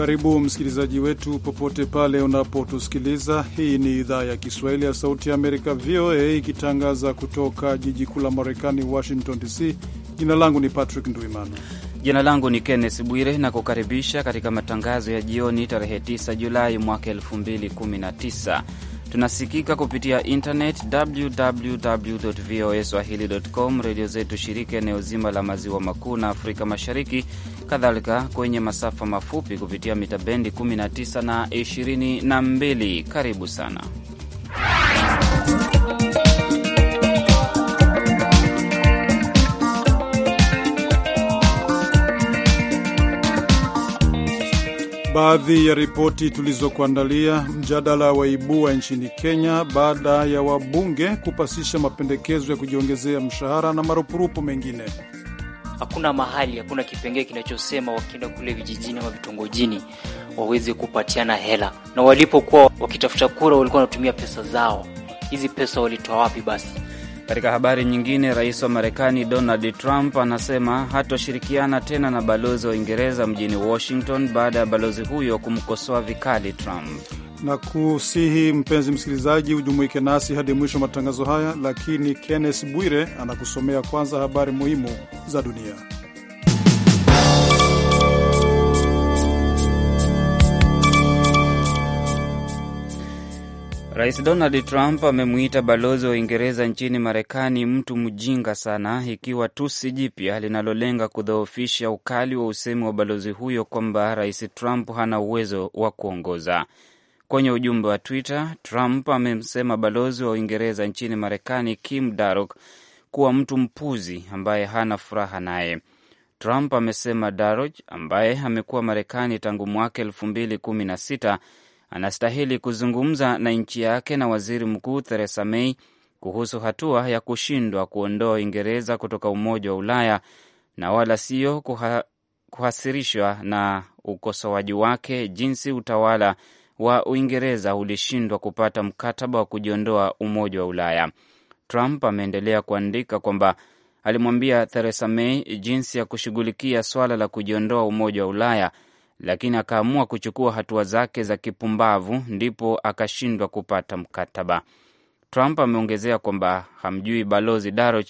Karibu msikilizaji wetu popote pale unapotusikiliza. Hii ni idhaa ya Kiswahili ya Sauti ya Amerika, VOA, ikitangaza kutoka jiji kuu la Marekani, Washington DC. Jina langu ni Patrick Ndwimana. Jina langu ni Kenneth Bwire na kukaribisha katika matangazo ya jioni tarehe 9 Julai mwaka 2019. Tunasikika kupitia internet www voa swahilicom, redio zetu shirika eneo zima la maziwa makuu na Afrika Mashariki, kadhalika kwenye masafa mafupi kupitia mita bendi 19 na 22. Karibu sana Baadhi ya ripoti tulizokuandalia: mjadala waibua nchini Kenya baada ya wabunge kupasisha mapendekezo ya kujiongezea mshahara na marupurupu mengine. Hakuna mahali, hakuna kipengee kinachosema wakienda kule vijijini ama vitongojini waweze kupatiana hela, na walipokuwa wakitafuta kura walikuwa wanatumia pesa zao. Hizi pesa walitoa wapi? Basi katika habari nyingine, rais wa Marekani Donald Trump anasema hatoshirikiana tena na balozi wa Uingereza mjini Washington baada ya balozi huyo kumkosoa vikali Trump. Na kusihi mpenzi msikilizaji ujumuike nasi hadi mwisho wa matangazo haya, lakini Kenneth Bwire anakusomea kwanza habari muhimu za dunia. Rais Donald Trump amemwita balozi wa Uingereza nchini Marekani mtu mjinga sana, ikiwa tusi jipya linalolenga kudhoofisha ukali wa usemi wa balozi huyo kwamba Rais Trump hana uwezo wa kuongoza. Kwenye ujumbe wa Twitter, Trump amemsema balozi wa Uingereza nchini Marekani Kim Darroch kuwa mtu mpuzi ambaye hana furaha naye. Trump amesema Darroch ambaye amekuwa Marekani tangu mwaka elfu mbili kumi na sita anastahili kuzungumza na nchi yake na waziri mkuu Theresa May kuhusu hatua ya kushindwa kuondoa Uingereza kutoka Umoja wa Ulaya na wala sio kuha, kuhasirishwa na ukosoaji wake jinsi utawala wa Uingereza ulishindwa kupata mkataba wa kujiondoa Umoja wa Ulaya. Trump ameendelea kuandika kwamba alimwambia Theresa May jinsi ya kushughulikia swala la kujiondoa Umoja wa Ulaya lakini akaamua kuchukua hatua zake za kipumbavu, ndipo akashindwa kupata mkataba. Trump ameongezea kwamba hamjui balozi daroch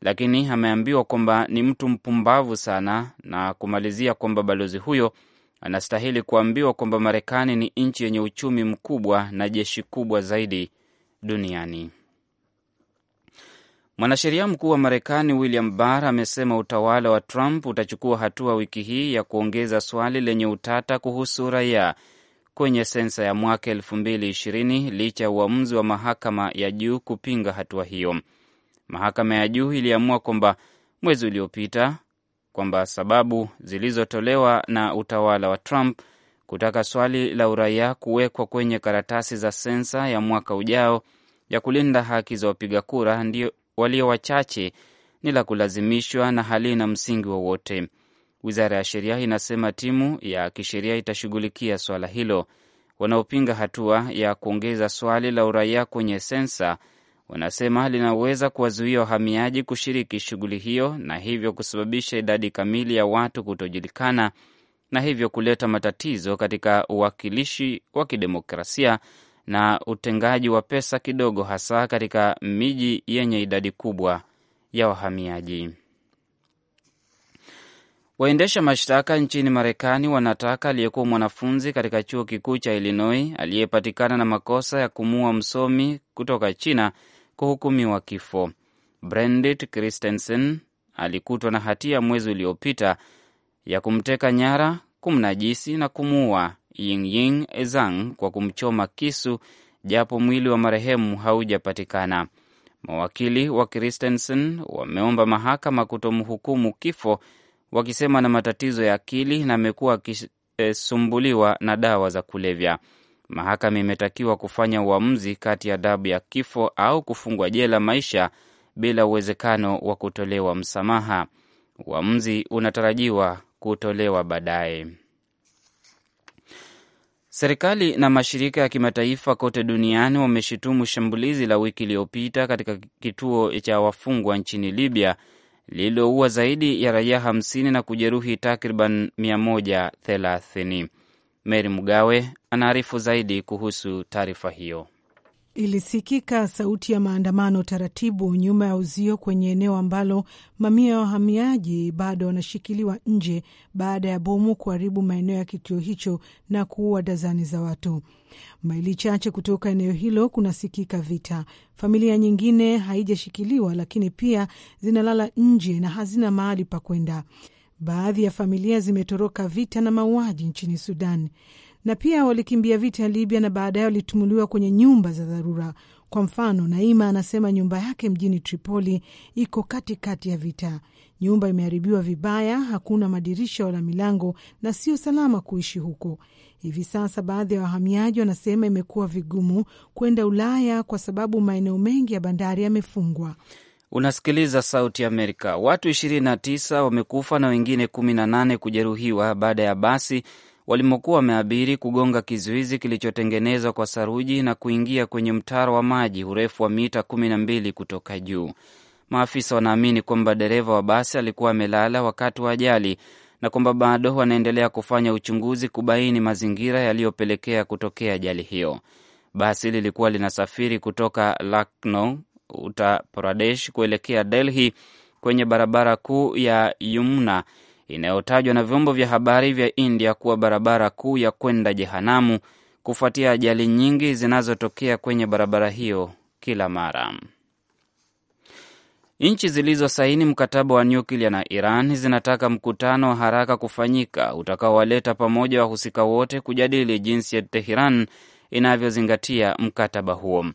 lakini ameambiwa kwamba ni mtu mpumbavu sana, na kumalizia kwamba balozi huyo anastahili kuambiwa kwamba Marekani ni nchi yenye uchumi mkubwa na jeshi kubwa zaidi duniani. Mwanasheria mkuu wa Marekani William Barr amesema utawala wa Trump utachukua hatua wiki hii ya kuongeza swali lenye utata kuhusu raia kwenye sensa ya mwaka elfu licha ya uamuzi wa mahakama ya juu kupinga hatua hiyo. Mahakama ya juu iliamua kwamba mwezi uliopita kwamba sababu zilizotolewa na utawala wa Trump kutaka swali la uraia kuwekwa kwenye karatasi za sensa ya mwaka ujao ya kulinda haki za wapiga kura ndio walio wachache ni la kulazimishwa na halina msingi wowote. Wizara ya Sheria inasema timu ya kisheria itashughulikia swala hilo. Wanaopinga hatua ya kuongeza swali la uraia kwenye sensa wanasema linaweza kuwazuia wahamiaji kushiriki shughuli hiyo na hivyo kusababisha idadi kamili ya watu kutojulikana na hivyo kuleta matatizo katika uwakilishi wa kidemokrasia na utengaji wa pesa kidogo, hasa katika miji yenye idadi kubwa ya wahamiaji. Waendesha mashtaka nchini Marekani wanataka aliyekuwa mwanafunzi katika chuo kikuu cha Illinois aliyepatikana na makosa ya kumuua msomi kutoka China kuhukumiwa kifo. Brendit Christensen alikutwa na hatia mwezi uliopita ya kumteka nyara, kumnajisi na kumuua Yingying Ezang kwa kumchoma kisu, japo mwili wa marehemu haujapatikana. Mawakili wa Christensen wameomba mahakama kutomhukumu kifo, wakisema na matatizo ya akili na amekuwa akisumbuliwa na dawa za kulevya. Mahakama imetakiwa kufanya uamuzi kati ya adhabu ya kifo au kufungwa jela maisha bila uwezekano wa kutolewa msamaha. Uamuzi unatarajiwa kutolewa baadaye. Serikali na mashirika ya kimataifa kote duniani wameshutumu shambulizi la wiki iliyopita katika kituo cha wafungwa nchini Libya lililoua zaidi ya raia 50 na kujeruhi takriban 130. Meri Mugawe anaarifu zaidi kuhusu taarifa hiyo. Ilisikika sauti ya maandamano taratibu nyuma ya uzio kwenye eneo ambalo mamia ya wahamiaji bado wanashikiliwa nje baada ya bomu kuharibu maeneo ya kituo hicho na kuua dazani za watu. Maili chache kutoka eneo hilo kunasikika vita. Familia nyingine haijashikiliwa, lakini pia zinalala nje na hazina mahali pa kwenda. Baadhi ya familia zimetoroka vita na mauaji nchini Sudan na pia walikimbia vita Libya na baadaye walitumuliwa kwenye nyumba za dharura. Kwa mfano, Naima anasema nyumba yake mjini Tripoli iko katikati ya vita. Nyumba imeharibiwa vibaya, hakuna madirisha wala milango na sio salama kuishi huko. Hivi sasa baadhi ya wahamiaji wanasema imekuwa vigumu kwenda Ulaya kwa sababu maeneo mengi ya bandari yamefungwa. Unasikiliza Sauti Amerika. Watu 29 wamekufa na wengine 18 kujeruhiwa baada ya basi walimokuwa wameabiri kugonga kizuizi kilichotengenezwa kwa saruji na kuingia kwenye mtaro wa maji urefu wa mita kumi na mbili kutoka juu. Maafisa wanaamini kwamba dereva wa basi alikuwa amelala wakati wa ajali na kwamba bado wanaendelea kufanya uchunguzi kubaini mazingira yaliyopelekea kutokea ajali hiyo. Basi lilikuwa linasafiri kutoka Lucknow, Uttar Pradesh kuelekea Delhi kwenye barabara kuu ya yumna inayotajwa na vyombo vya habari vya India kuwa barabara kuu ya kwenda jehanamu kufuatia ajali nyingi zinazotokea kwenye barabara hiyo kila mara. Nchi zilizosaini mkataba wa nyuklia na Iran zinataka mkutano wa haraka kufanyika utakaowaleta pamoja wahusika wote kujadili jinsi ya Teheran inavyozingatia mkataba huo.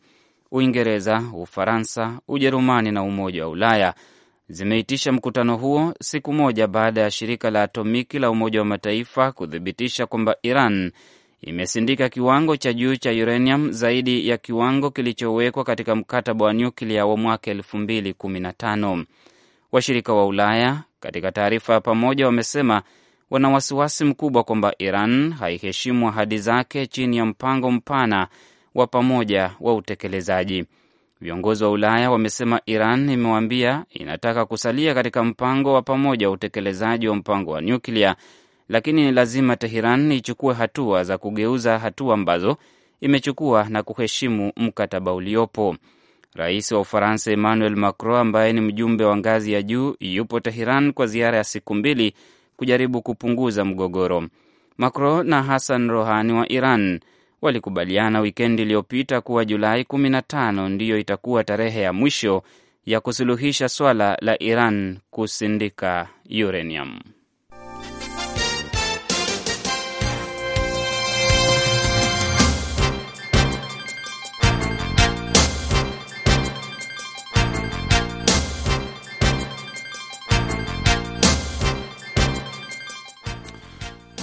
Uingereza, Ufaransa, Ujerumani na Umoja wa Ulaya zimeitisha mkutano huo siku moja baada ya shirika la atomiki la Umoja wa Mataifa kuthibitisha kwamba Iran imesindika kiwango cha juu cha uranium zaidi ya kiwango kilichowekwa katika mkataba wa nyuklia wa mwaka 2015. Washirika wa Ulaya katika taarifa ya pamoja wamesema wana wasiwasi mkubwa kwamba Iran haiheshimu ahadi zake chini ya mpango mpana wa pamoja wa utekelezaji. Viongozi wa Ulaya wamesema Iran imewaambia inataka kusalia katika mpango wa pamoja wa utekelezaji wa mpango wa nyuklia, lakini ni lazima Teheran ichukue hatua za kugeuza hatua ambazo imechukua na kuheshimu mkataba uliopo. Rais wa Ufaransa Emmanuel Macron, ambaye ni mjumbe wa ngazi ya juu, yupo Teheran kwa ziara ya siku mbili kujaribu kupunguza mgogoro. Macron na Hassan Rohani wa Iran walikubaliana wikendi iliyopita kuwa Julai 15 ndiyo itakuwa tarehe ya mwisho ya kusuluhisha swala la Iran kusindika uranium.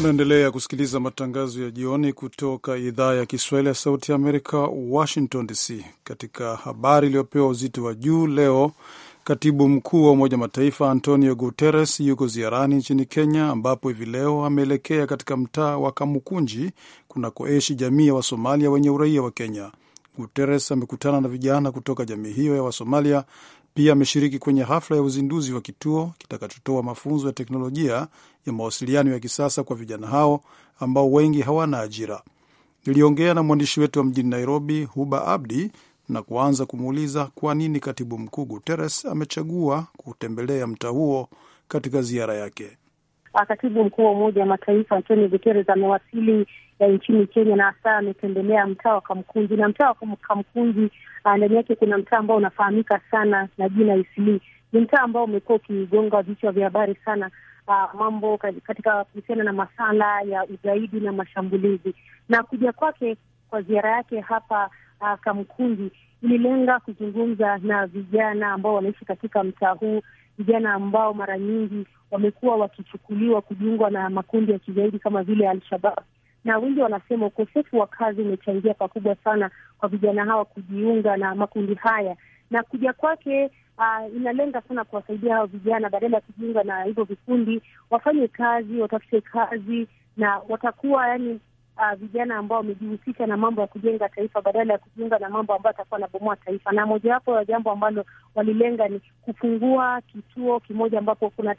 Unaendelea kusikiliza matangazo ya jioni kutoka idhaa ya Kiswahili ya Sauti ya Amerika, Washington DC. Katika habari iliyopewa uzito wa juu leo, katibu mkuu wa Umoja Mataifa Antonio Guterres yuko ziarani nchini Kenya, ambapo hivi leo ameelekea katika mtaa wa Kamukunji kunakoishi jamii ya Wasomalia wenye uraia wa Kenya. Guterres amekutana na vijana kutoka jamii hiyo ya Wasomalia pia ameshiriki kwenye hafla ya uzinduzi wa kituo kitakachotoa mafunzo ya teknolojia ya mawasiliano ya kisasa kwa vijana hao ambao wengi hawana ajira. Niliongea na mwandishi wetu wa mjini Nairobi, Huba Abdi, na kuanza kumuuliza kwa nini katibu mkuu Guterres amechagua kutembelea mtaa huo katika ziara yake. Katibu mkuu wa Umoja wa Mataifa Antonio Guterres amewasili ya nchini Kenya, na hasa ametembelea mtaa wa Kamkunji. Na mtaa wa Kamkunji ah, ndani yake kuna mtaa ambao unafahamika sana na jina Isli. Ni mtaa ambao umekuwa ukigonga vichwa vya habari sana, uh, mambo katika kuhusiana na masala ya ugaidi na mashambulizi. Na kuja kwake kwa ziara yake hapa uh, Kamkunji ililenga kuzungumza na vijana ambao wanaishi katika mtaa huu, vijana ambao mara nyingi wamekuwa wakichukuliwa kujiungwa na makundi ya kigaidi kama vile Alshabab na wengi wanasema ukosefu wa kazi umechangia pakubwa sana kwa vijana hawa kujiunga na makundi haya, na kuja kwake uh, inalenga sana kuwasaidia hao vijana, badala ya kujiunga na hivyo vikundi, wafanye kazi, watafute kazi, na watakuwa yani Uh, vijana ambao wamejihusisha na mambo ya kujenga taifa badala ya kujiunga na mambo ambayo atakuwa anabomoa taifa. Na mojawapo ya jambo ambalo walilenga ni kufungua kituo kimoja ambapo kuna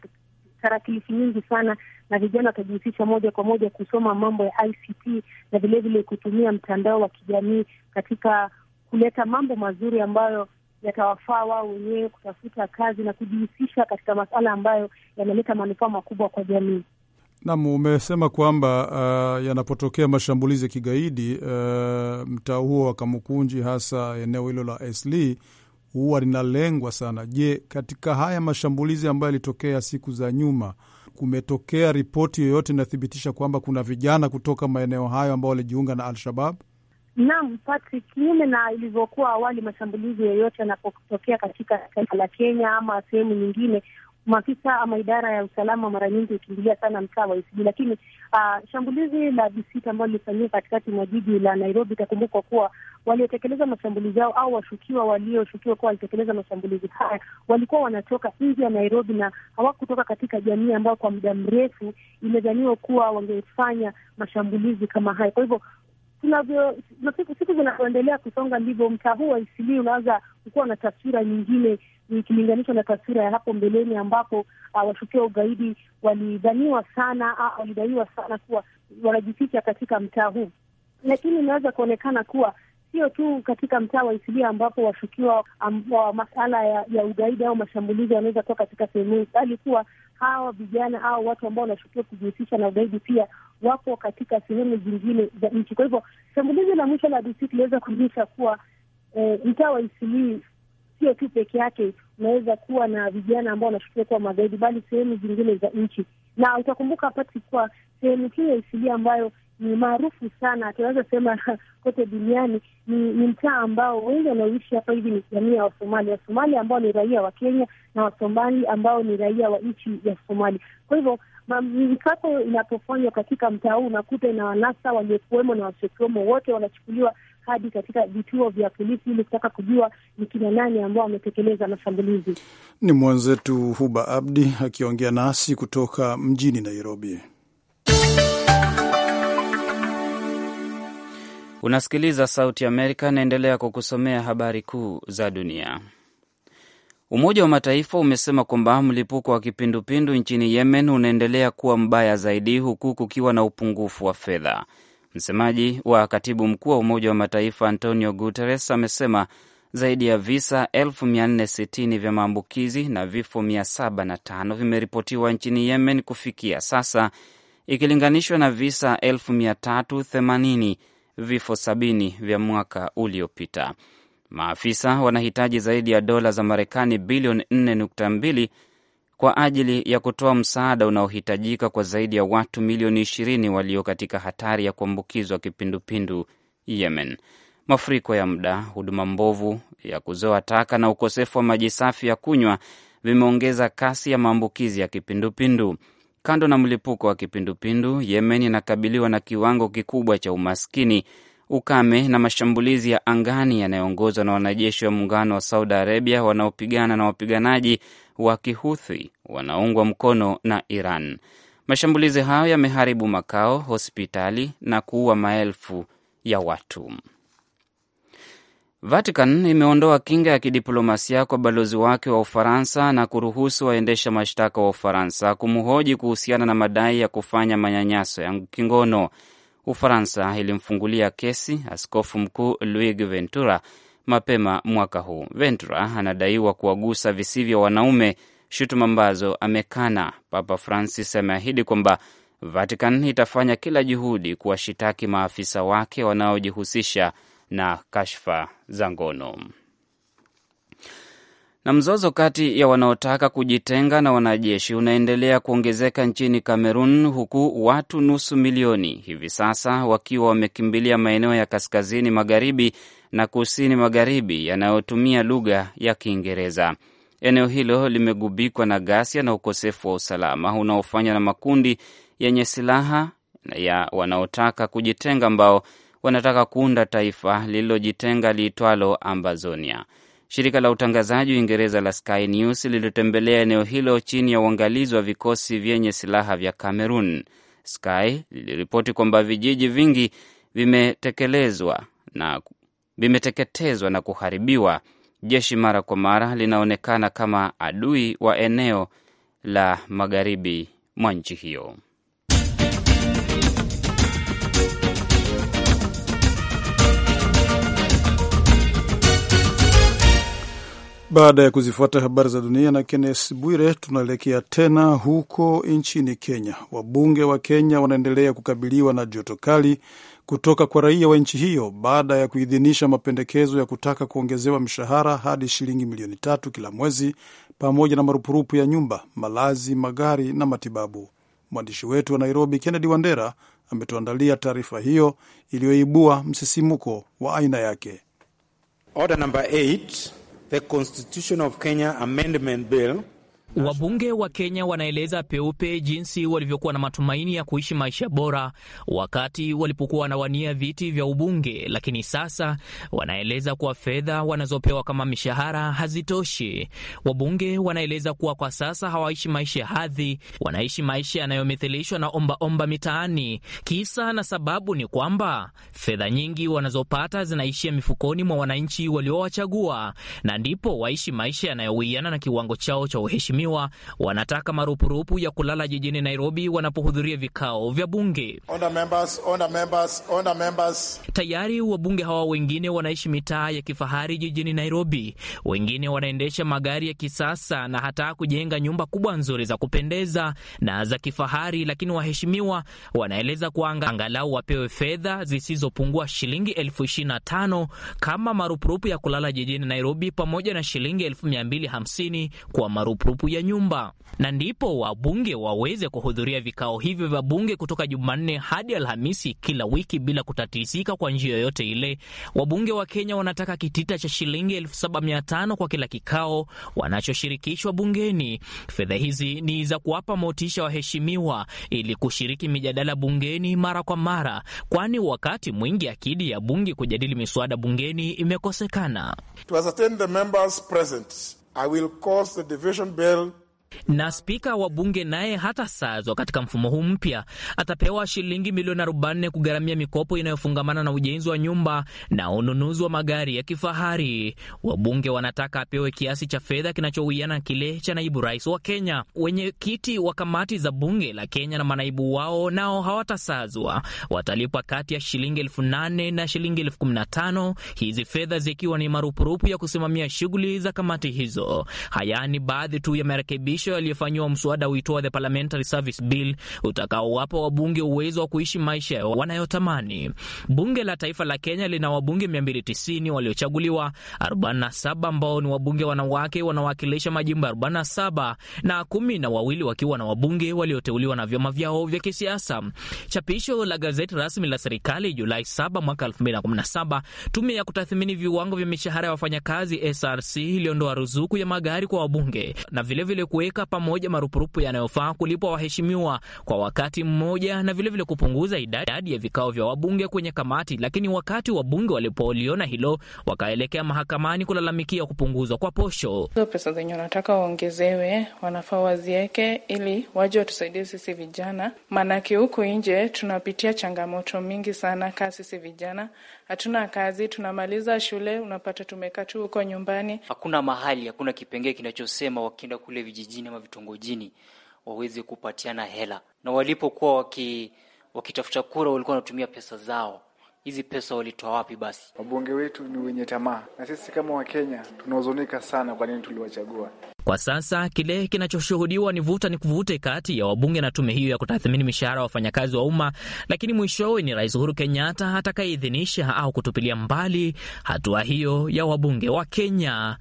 tarakilishi nyingi sana, na vijana watajihusisha moja kwa moja kusoma mambo ya ICT na vilevile kutumia mtandao wa kijamii katika kuleta mambo mazuri ambayo yatawafaa wao wenyewe kutafuta kazi na kujihusisha katika masuala ambayo yanaleta manufaa makubwa kwa jamii. Nam, umesema kwamba uh, yanapotokea mashambulizi ya kigaidi uh, mtaa huo wa Kamukunji hasa eneo hilo la Esli huwa linalengwa sana. Je, katika haya mashambulizi ambayo yalitokea siku za nyuma, kumetokea ripoti yoyote inathibitisha kwamba kuna vijana kutoka maeneo hayo ambao walijiunga na Al-Shabab? Naam, Patrick, kinyume na ilivyokuwa awali, mashambulizi yoyote yanapotokea katika taifa la Kenya ama sehemu nyingine, maafisa ama idara ya usalama mara nyingi hukimbilia sana mtaa wa Eastleigh, lakini uh, shambulizi la visita ambalo lilifanyika katikati mwa jiji la Nairobi, itakumbukwa kuwa waliotekeleza mashambulizi yao au washukiwa walioshukiwa kuwa walitekeleza mashambulizi haya walikuwa wanatoka nje ya Nairobi na hawakutoka katika jamii ambayo kwa muda mrefu imedhaniwa kuwa wangefanya mashambulizi kama haya. Kwa hivyo tunavyo siku zinavyoendelea kusonga ndivyo mtaa huu wa unaweza kukuwa na taswira nyingine ikilinganishwa na taswira ya hapo mbeleni ambapo uh, washukiwa ugaidi walidhaniwa sana uh, walidaiwa sana kuwa wanajificha katika mtaa huu, lakini inaweza kuonekana kuwa sio tu katika mtaa wa Isilia ambapo washukiwa wa masala ya, ya ugaidi au mashambulizi wanaweza kuwa katika sehemu hii, bali kuwa hawa vijana au watu ambao wanashukiwa kujihusisha na ugaidi pia wapo katika sehemu zingine za nchi. Kwa hivyo shambulizi la mwisho la DC iliweza kuonyesha kuwa eh, mtaa wa Isilii sio tu peke yake unaweza kuwa na vijana ambao wanashukiwa kuwa magaidi, bali sehemu zingine za nchi. Na utakumbuka Patrick, kuwa sehemu hii ya Isilia ambayo ni maarufu sana, tunaweza sema kote duniani. Ni, ni mtaa ambao wengi wanaoishi hapa hivi ni jamii ya Wasomali, Wasomali ambao ni raia wa Kenya na Wasomali ambao ni raia wa nchi ya Somali. Kwa hivyo mikato inapofanywa katika mtaa huu unakuta ina wanasa waliokuwemo na wasiokuwemo, wote wanachukuliwa hadi katika vituo vya polisi ili kutaka kujua ni kina nani ambao wametekeleza mashambulizi. Ni mwenzetu Huba Abdi akiongea nasi kutoka mjini Nairobi. Unasikiliza Sauti Amerika, naendelea kukusomea habari kuu za dunia. Umoja wa Mataifa umesema kwamba mlipuko wa kipindupindu nchini Yemen unaendelea kuwa mbaya zaidi huku kukiwa na upungufu wa fedha. Msemaji wa katibu mkuu wa Umoja wa Mataifa Antonio Guterres amesema zaidi ya visa 460 vya maambukizi na vifo 705 vimeripotiwa nchini Yemen kufikia sasa ikilinganishwa na visa 380 vifo sabini vya mwaka uliopita. Maafisa wanahitaji zaidi ya dola za Marekani bilioni 4.2 kwa ajili ya kutoa msaada unaohitajika kwa zaidi ya watu milioni 20 walio katika hatari ya kuambukizwa kipindupindu Yemen. Mafuriko ya muda, huduma mbovu ya kuzoa taka na ukosefu wa maji safi ya kunywa vimeongeza kasi ya maambukizi ya kipindupindu. Kando na mlipuko wa kipindupindu, Yemen inakabiliwa na kiwango kikubwa cha umaskini, ukame na mashambulizi ya angani yanayoongozwa na wanajeshi wa muungano wa Saudi Arabia wanaopigana na wapiganaji wa Kihuthi wanaoungwa mkono na Iran. Mashambulizi hayo yameharibu makao, hospitali na kuua maelfu ya watu. Vatican imeondoa kinga ya kidiplomasia kwa balozi wake wa Ufaransa na kuruhusu waendesha mashtaka wa Ufaransa kumhoji kuhusiana na madai ya kufanya manyanyaso ya kingono. Ufaransa ilimfungulia kesi askofu mkuu Luigi Ventura mapema mwaka huu. Ventura anadaiwa kuwagusa visivyo wanaume, shutuma ambazo amekana. Papa Francis ameahidi kwamba Vatican itafanya kila juhudi kuwashitaki maafisa wake wanaojihusisha na kashfa za ngono. Na mzozo kati ya wanaotaka kujitenga na wanajeshi unaendelea kuongezeka nchini Kamerun, huku watu nusu milioni hivi sasa wakiwa wamekimbilia maeneo ya kaskazini magharibi na kusini magharibi yanayotumia lugha ya Kiingereza. Eneo hilo limegubikwa na ghasia na ukosefu wa usalama unaofanywa na makundi yenye silaha ya wanaotaka kujitenga ambao wanataka kuunda taifa lililojitenga liitwalo Ambazonia. Shirika la utangazaji Uingereza la Sky News lilitembelea eneo hilo chini ya uangalizi wa vikosi vyenye silaha vya Cameroon. Sky liliripoti kwamba vijiji vingi vimetekelezwa na vimeteketezwa na kuharibiwa. Jeshi mara kwa mara linaonekana kama adui wa eneo la magharibi mwa nchi hiyo. Baada ya kuzifuata habari za dunia na Kennes Bwire, tunaelekea tena huko nchini Kenya. Wabunge wa Kenya wanaendelea kukabiliwa na joto kali kutoka kwa raia wa nchi hiyo baada ya kuidhinisha mapendekezo ya kutaka kuongezewa mshahara hadi shilingi milioni tatu kila mwezi, pamoja na marupurupu ya nyumba, malazi, magari na matibabu. Mwandishi wetu wa Nairobi, Kennedy Wandera, ametuandalia taarifa hiyo iliyoibua msisimuko wa aina yake. Order number eight the Constitution of Kenya Amendment Bill Wabunge wa Kenya wanaeleza peupe jinsi walivyokuwa na matumaini ya kuishi maisha bora wakati walipokuwa wanawania viti vya ubunge, lakini sasa wanaeleza kuwa fedha wanazopewa kama mishahara hazitoshi. Wabunge wanaeleza kuwa kwa sasa hawaishi maisha hadhi, wanaishi maisha yanayomithilishwa na ombaomba mitaani. Kisa na sababu ni kwamba fedha nyingi wanazopata zinaishia mifukoni mwa wananchi waliowachagua, na ndipo waishi maisha yanayowiana na kiwango chao cha uheshima wanaotuhumiwa wanataka marupurupu ya kulala jijini Nairobi wanapohudhuria vikao vya bunge. Tayari wabunge hawa wengine wanaishi mitaa ya kifahari jijini Nairobi, wengine wanaendesha magari ya kisasa na hata kujenga nyumba kubwa nzuri za kupendeza na za kifahari, lakini waheshimiwa wanaeleza kwanga angalau wapewe fedha zisizopungua shilingi elfu ishirini na tano kama marupurupu ya kulala jijini Nairobi pamoja na shilingi elfu mia mbili hamsini kwa marupurupu ya nyumba, na ndipo wabunge waweze kuhudhuria vikao hivyo vya bunge kutoka Jumanne hadi Alhamisi kila wiki bila kutatisika kwa njia yoyote ile. Wabunge wa Kenya wanataka kitita cha shilingi elfu saba mia tano kwa kila kikao wanachoshirikishwa bungeni. Fedha hizi ni za kuwapa motisha waheshimiwa ili kushiriki mijadala bungeni mara kwa mara, kwani wakati mwingi akidi ya bunge kujadili miswada bungeni imekosekana. I will cause the division bell na spika wa bunge naye hata sazwa katika mfumo huu mpya atapewa shilingi milioni 40 kugharamia mikopo inayofungamana na ujenzi wa nyumba na ununuzi wa magari ya kifahari. Wabunge wanataka apewe kiasi cha fedha kinachowiana kile cha naibu rais wa Kenya. Wenyekiti wa kamati za bunge la Kenya na manaibu wao nao hawatasazwa, watalipwa kati ya shilingi elfu nane na shilingi elfu kumi na tano hizi fedha zikiwa ni marupurupu ya kusimamia shughuli za kamati hizo. Haya ni baadhi tu ya marekebisho marekebisho yaliyofanyiwa mswada uitwa the Parliamentary Service Bill utakaowapa wabunge uwezo wa kuishi maisha wanayotamani. Bunge la Taifa la Kenya lina wabunge 290 waliochaguliwa, 47 ambao ni wabunge wanawake wanawakilisha majimbo 47 na kumi na wawili wakiwa na wabunge walioteuliwa na vyama vyao vya kisiasa. Chapisho la gazeti rasmi la serikali Julai 7 mwaka 2017, tume ya kutathmini viwango vya mishahara ya wafanyakazi SRC iliondoa ruzuku ya magari kwa wabunge na vilevile vile kuweka pamoja marupurupu yanayofaa kulipwa waheshimiwa kwa wakati mmoja na vilevile vile kupunguza idadi ya vikao vya wabunge kwenye kamati. Lakini wakati wabunge walipoliona hilo, wakaelekea mahakamani kulalamikia kupunguzwa kwa posho. Hizo pesa zenye wanataka waongezewe, wanafaa wazieke ili waje watusaidie sisi vijana, maanake huku nje tunapitia changamoto mingi sana kaa sisi vijana hatuna kazi, tunamaliza shule, unapata tumekaa tu huko nyumbani, hakuna mahali, hakuna kipengee kinachosema wakienda kule vijijini ama vitongojini waweze kupatiana hela, na walipokuwa waki, wakitafuta kura walikuwa wanatumia pesa zao hizi pesa walitoa wapi? Basi wabunge wetu ni wenye tamaa, na sisi kama Wakenya tunahuzunika sana, kwa nini tuliwachagua. Kwa sasa kile kinachoshuhudiwa ni vuta ni kuvute kati ya wabunge na tume hiyo ya kutathmini mishahara wa wafanyakazi wa umma, lakini mwishowe ni Rais Uhuru Kenyatta atakayeidhinisha au kutupilia mbali hatua hiyo ya wabunge wa Kenya.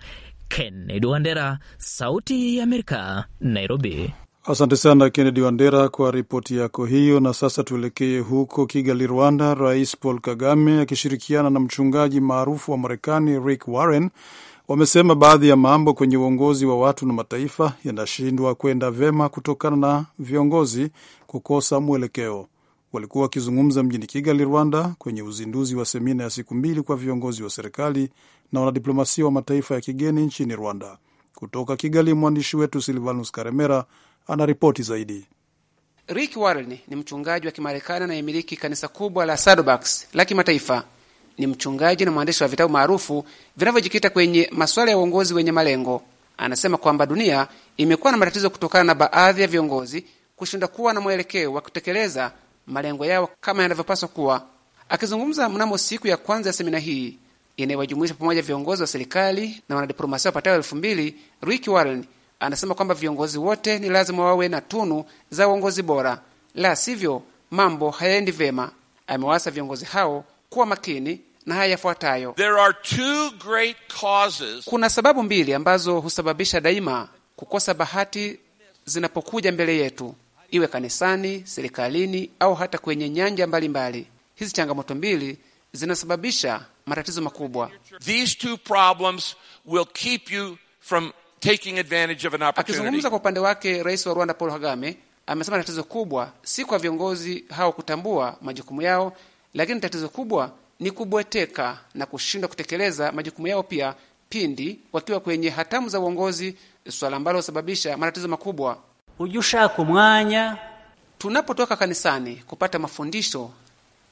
Kennedy Wandera, Sauti ya Amerika, Nairobi. Asante sana Kennedy Wandera kwa ripoti yako hiyo. Na sasa tuelekee huko Kigali, Rwanda. Rais Paul Kagame akishirikiana na mchungaji maarufu wa Marekani Rick Warren wamesema baadhi ya mambo kwenye uongozi wa watu na mataifa yanashindwa kwenda vyema kutokana na viongozi kukosa mwelekeo. Walikuwa wakizungumza mjini Kigali, Rwanda, kwenye uzinduzi wa semina ya siku mbili kwa viongozi wa serikali na wanadiplomasia wa mataifa ya kigeni nchini Rwanda. Kutoka Kigali, mwandishi wetu Silvanus Karemera anaripoti zaidi. Rick Warren ni mchungaji wa Kimarekani anayemiliki kanisa kubwa la Saddleback la kimataifa. Ni mchungaji na mwandishi wa vitabu maarufu vinavyojikita kwenye masuala ya uongozi wenye malengo. Anasema kwamba dunia imekuwa na matatizo kutokana na baadhi ya viongozi kushindwa kuwa na mwelekeo wa kutekeleza malengo yao kama yanavyopaswa kuwa. Akizungumza mnamo siku ya kwanza ya semina hii inayowajumuisha pamoja viongozi wa serikali na wanadiplomasia wapatao elfu mbili, Rick Warren Anasema kwamba viongozi wote ni lazima wawe na tunu za uongozi bora, la sivyo mambo hayaendi vyema. Amewaasa viongozi hao kuwa makini na haya yafuatayo. Kuna sababu mbili ambazo husababisha daima kukosa bahati zinapokuja mbele yetu, iwe kanisani, serikalini au hata kwenye nyanja mbalimbali mbali. Hizi changamoto mbili zinasababisha matatizo makubwa. These two problems will keep you from taking advantage of an opportunity. Akizungumza kwa upande wake, rais wa Rwanda Paul Kagame amesema tatizo kubwa si kwa viongozi hao kutambua majukumu yao, lakini tatizo kubwa ni kubweteka na kushindwa kutekeleza majukumu yao pia pindi wakiwa kwenye hatamu za uongozi, swala ambalo husababisha matatizo makubwa. ujushaka mwanya tunapotoka kanisani kupata mafundisho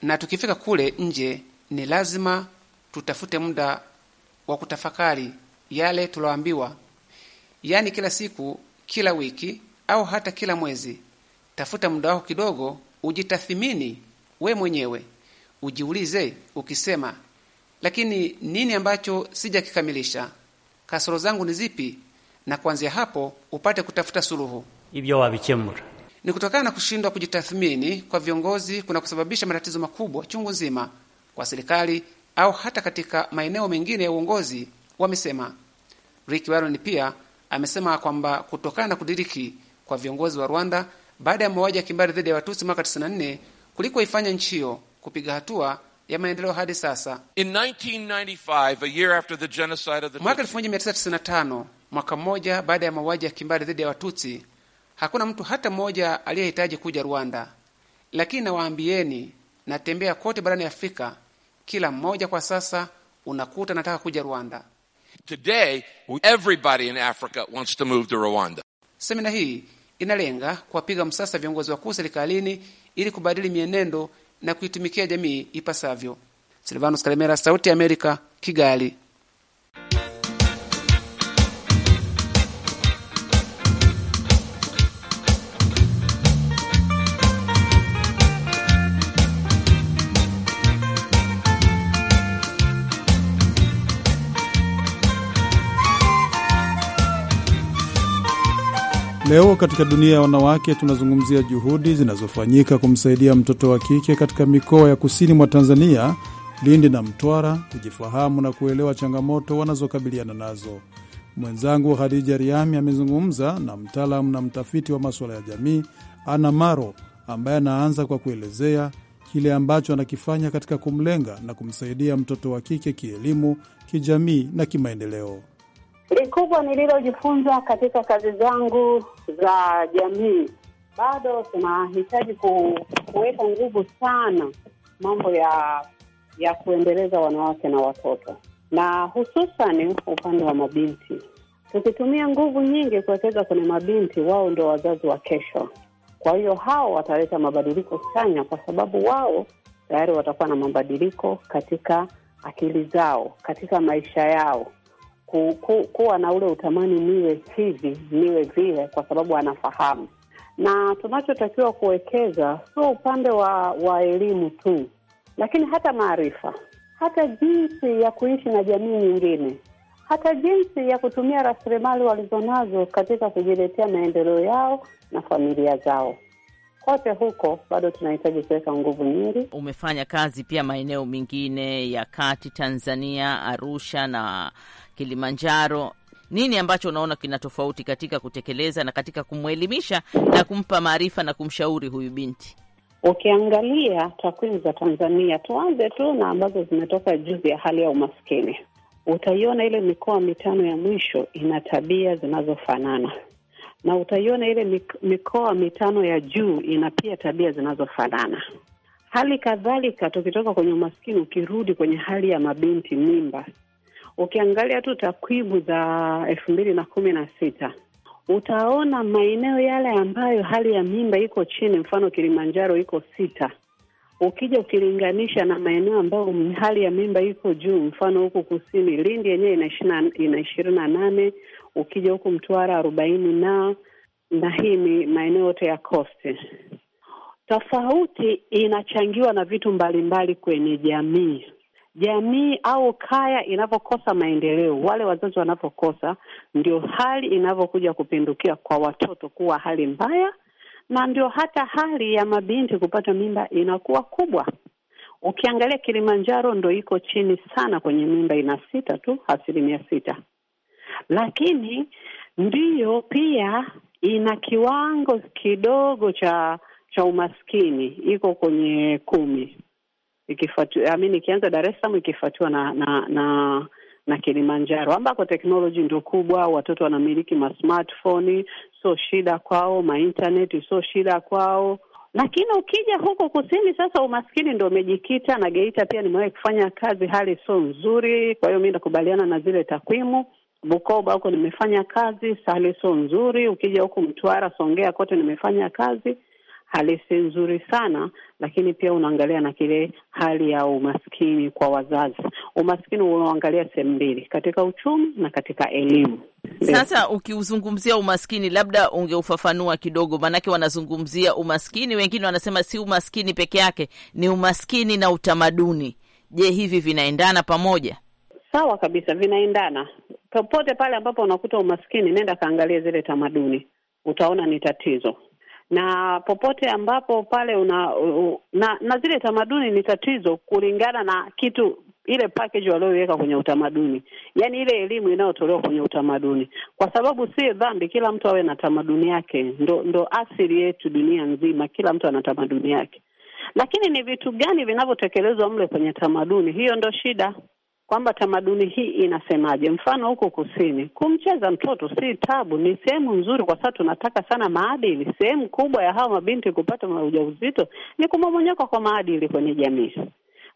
na tukifika kule nje, ni lazima tutafute muda wa kutafakari yale tuloambiwa yani kila siku, kila wiki au hata kila mwezi. Tafuta muda wako kidogo, ujitathimini we mwenyewe, ujiulize ukisema, lakini nini ambacho sijakikamilisha? Kasoro zangu ni zipi? Na kuanzia hapo upate kutafuta suluhu. Ibyo wabikemura. Ni kutokana na kushindwa kujitathmini kwa viongozi kuna kusababisha matatizo makubwa chungu nzima kwa serikali au hata katika maeneo mengine ya uongozi, wamesema. Rick Warren pia amesema kwamba kutokana na kudiriki kwa viongozi wa Rwanda baada ya mauaji ya kimbari dhidi ya Watusi mwaka 94 kuliko ifanya nchi hiyo kupiga hatua ya maendeleo hadi sasa. Mwaka 1995, mwaka mmoja baada ya mauaji ya kimbari dhidi ya Watutsi, hakuna mtu hata mmoja aliyehitaji kuja Rwanda, lakini nawaambieni, natembea kote barani Afrika, kila mmoja kwa sasa unakuta nataka kuja Rwanda. Today, everybody in Africa wants to move to Rwanda. Semina hii inalenga kuwapiga msasa viongozi wakuu serikalini ili kubadili mienendo na kuitumikia jamii ipasavyo. Silvanus Kalemera, Sauti ya Amerika, Kigali. Leo katika dunia ya wanawake tunazungumzia juhudi zinazofanyika kumsaidia mtoto wa kike katika mikoa ya kusini mwa Tanzania, Lindi na Mtwara kujifahamu na kuelewa changamoto wanazokabiliana nazo. Mwenzangu Hadija Riami amezungumza na mtaalamu na mtafiti wa maswala ya jamii Ana Maro, ambaye anaanza kwa kuelezea kile ambacho anakifanya katika kumlenga na kumsaidia mtoto wa kike kielimu, kijamii na kimaendeleo. Likubwa nililojifunza katika kazi zangu za jamii, bado tunahitaji kuweka nguvu sana mambo ya ya kuendeleza wanawake na watoto, na hususan upande wa mabinti. Tukitumia nguvu nyingi kuwekeza kwenye mabinti, wao ndio wazazi wa kesho. Kwa hiyo hao wataleta mabadiliko chanya, kwa sababu wao tayari watakuwa na mabadiliko katika akili zao, katika maisha yao ku, ku, kuwa na ule utamani niwe hivi niwe vile, kwa sababu anafahamu. Na tunachotakiwa kuwekeza sio upande wa, wa elimu tu, lakini hata maarifa, hata jinsi ya kuishi na jamii nyingine, hata jinsi ya kutumia rasilimali walizonazo katika kujiletea maendeleo yao na familia zao. Kote huko bado tunahitaji kuweka nguvu nyingi. Umefanya kazi pia maeneo mengine ya kati Tanzania, Arusha na Kilimanjaro. Nini ambacho unaona kina tofauti katika kutekeleza na katika kumwelimisha na kumpa maarifa na kumshauri huyu binti? Ukiangalia takwimu za Tanzania, tuanze tu na ambazo zimetoka juzi ya hali ya umaskini, utaiona ile mikoa mitano ya mwisho ina tabia zinazofanana, na utaiona ile mikoa mitano ya juu ina pia tabia zinazofanana. Hali kadhalika, tukitoka kwenye umaskini, ukirudi kwenye hali ya mabinti mimba, Ukiangalia tu takwimu za elfu mbili na kumi na sita utaona maeneo yale ambayo hali ya mimba iko chini, mfano Kilimanjaro iko sita. Ukija ukilinganisha na maeneo ambayo hali ya mimba iko juu, mfano huku kusini Lindi yenyewe ina ishirini na nane, ukija huku Mtwara arobaini na na hii ni maeneo yote ya kosti. Tofauti inachangiwa na vitu mbalimbali mbali kwenye jamii jamii au kaya inavyokosa maendeleo, wale wazazi wanavyokosa, ndio hali inavyokuja kupindukia kwa watoto kuwa hali mbaya, na ndio hata hali ya mabinti kupata mimba inakuwa kubwa. Ukiangalia Kilimanjaro ndo iko chini sana kwenye mimba, ina sita tu, asilimia sita, lakini ndiyo pia ina kiwango kidogo cha cha umaskini, iko kwenye kumi ikifuatiwa I mean, ikianza Dar es Salaam ikifuatiwa na na na na Kilimanjaro ambako teknoloji ndio kubwa, watoto wanamiliki smartphone sio shida kwao, maintaneti sio shida kwao. Lakini ukija huko kusini sasa, umaskini ndio umejikita, na Geita pia nimewahi kufanya kazi, hali sio nzuri. Kwa hiyo mi nakubaliana na zile takwimu. Bukoba huko nimefanya kazi, hali sio nzuri. Ukija huku Mtwara, Songea, kote nimefanya kazi hali si nzuri sana, lakini pia unaangalia na kile hali ya umaskini kwa wazazi. Umaskini unaangalia sehemu mbili, katika uchumi na katika elimu. Sasa ukiuzungumzia umaskini, labda ungeufafanua kidogo, maanake wanazungumzia umaskini, wengine wanasema si umaskini peke yake, ni umaskini na utamaduni. Je, hivi vinaendana pamoja? Sawa kabisa, vinaendana. Popote pale ambapo unakuta umaskini, nenda kaangalia zile tamaduni, utaona ni tatizo na popote ambapo pale una uh, na, na zile tamaduni ni tatizo kulingana na kitu ile package walioiweka kwenye utamaduni, yaani ile elimu inayotolewa kwenye utamaduni, kwa sababu si dhambi kila mtu awe na tamaduni yake. Ndo, ndo asili yetu dunia nzima, kila mtu ana tamaduni yake, lakini ni vitu gani vinavyotekelezwa mle kwenye tamaduni, hiyo ndo shida kwamba tamaduni hii inasemaje. Mfano huko kusini, kumcheza mtoto si tabu, ni sehemu nzuri, kwa sababu tunataka sana maadili. Sehemu kubwa ya hawa mabinti kupata ujauzito ni kumomonyoka kwa maadili kwenye jamii.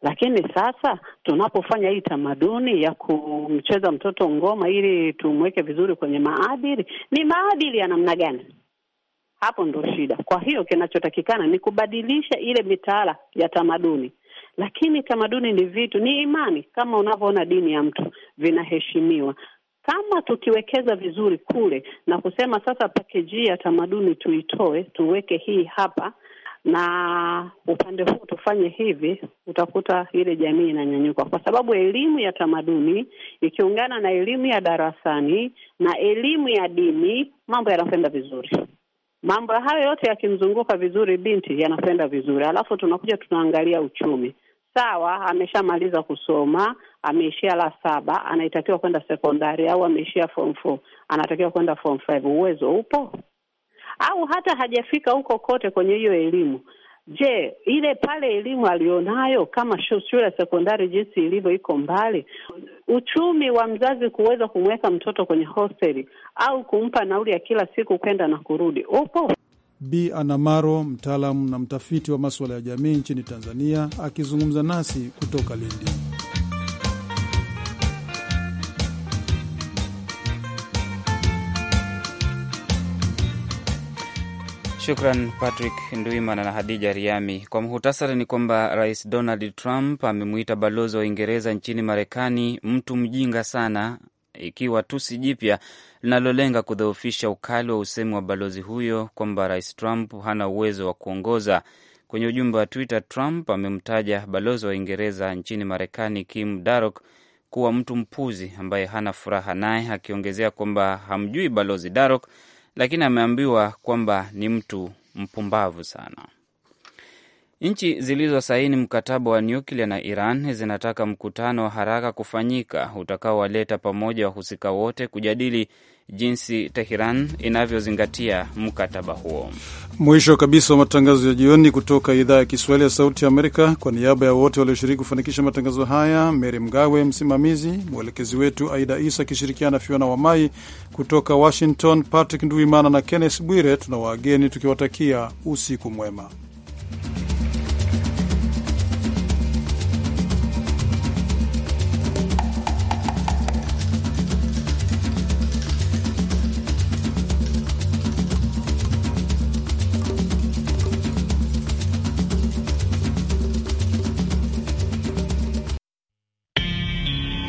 Lakini sasa tunapofanya hii tamaduni ya kumcheza mtoto ngoma ili tumweke vizuri kwenye maadili, ni maadili ya namna gani? Hapo ndo shida. Kwa hiyo kinachotakikana ni kubadilisha ile mitaala ya tamaduni lakini tamaduni ni vitu, ni imani, kama unavyoona dini ya mtu vinaheshimiwa. Kama tukiwekeza vizuri kule na kusema sasa, pakeji ya tamaduni tuitoe, tuweke hii hapa na upande huu tufanye hivi, utakuta ile jamii inanyanyuka, kwa sababu elimu ya tamaduni ikiungana na elimu ya darasani na elimu ya dini, mambo yanakwenda vizuri. Mambo hayo yote yakimzunguka vizuri binti yanakwenda vizuri, alafu tunakuja tunaangalia uchumi. Sawa, ameshamaliza kusoma, ameishia la saba, anaitakiwa kwenda sekondari au ameishia form four, anatakiwa kwenda form five. Uwezo upo au hata hajafika huko kote kwenye hiyo elimu. Je, ile pale elimu aliyonayo kama shule ya sekondari jinsi ilivyo iko mbali, uchumi wa mzazi kuweza kumweka mtoto kwenye hosteli au kumpa nauli ya kila siku kwenda na kurudi upo. Bi Anamaro, mtaalamu na mtafiti wa masuala ya jamii nchini Tanzania, akizungumza nasi kutoka Lindi. Shukran Patrick Nduimana na Hadija Riami. Kwa muhutasari ni kwamba Rais Donald Trump amemwita balozi wa Uingereza nchini Marekani mtu mjinga sana, ikiwa tusi jipya linalolenga kudhoofisha ukali wa usemi wa balozi huyo kwamba Rais Trump hana uwezo wa kuongoza. Kwenye ujumbe wa Twitter, Trump amemtaja balozi wa Uingereza nchini Marekani Kim Darroch kuwa mtu mpuzi ambaye hana furaha naye, akiongezea kwamba hamjui balozi Darroch lakini ameambiwa kwamba ni mtu mpumbavu sana. Nchi zilizosaini mkataba wa nyuklia na Iran zinataka mkutano wa haraka kufanyika utakaowaleta pamoja wahusika wote kujadili jinsi Teheran inavyozingatia mkataba huo. Mwisho kabisa wa matangazo ya jioni kutoka idhaa ya Kiswahili ya Sauti ya Amerika. Kwa niaba ya wote walioshiriki kufanikisha matangazo haya, Meri Mgawe msimamizi, mwelekezi wetu Aida Isa akishirikiana na Fiona Wamai kutoka Washington, Patrick Nduimana na Kennes Bwire, tuna wageni tukiwatakia usiku mwema.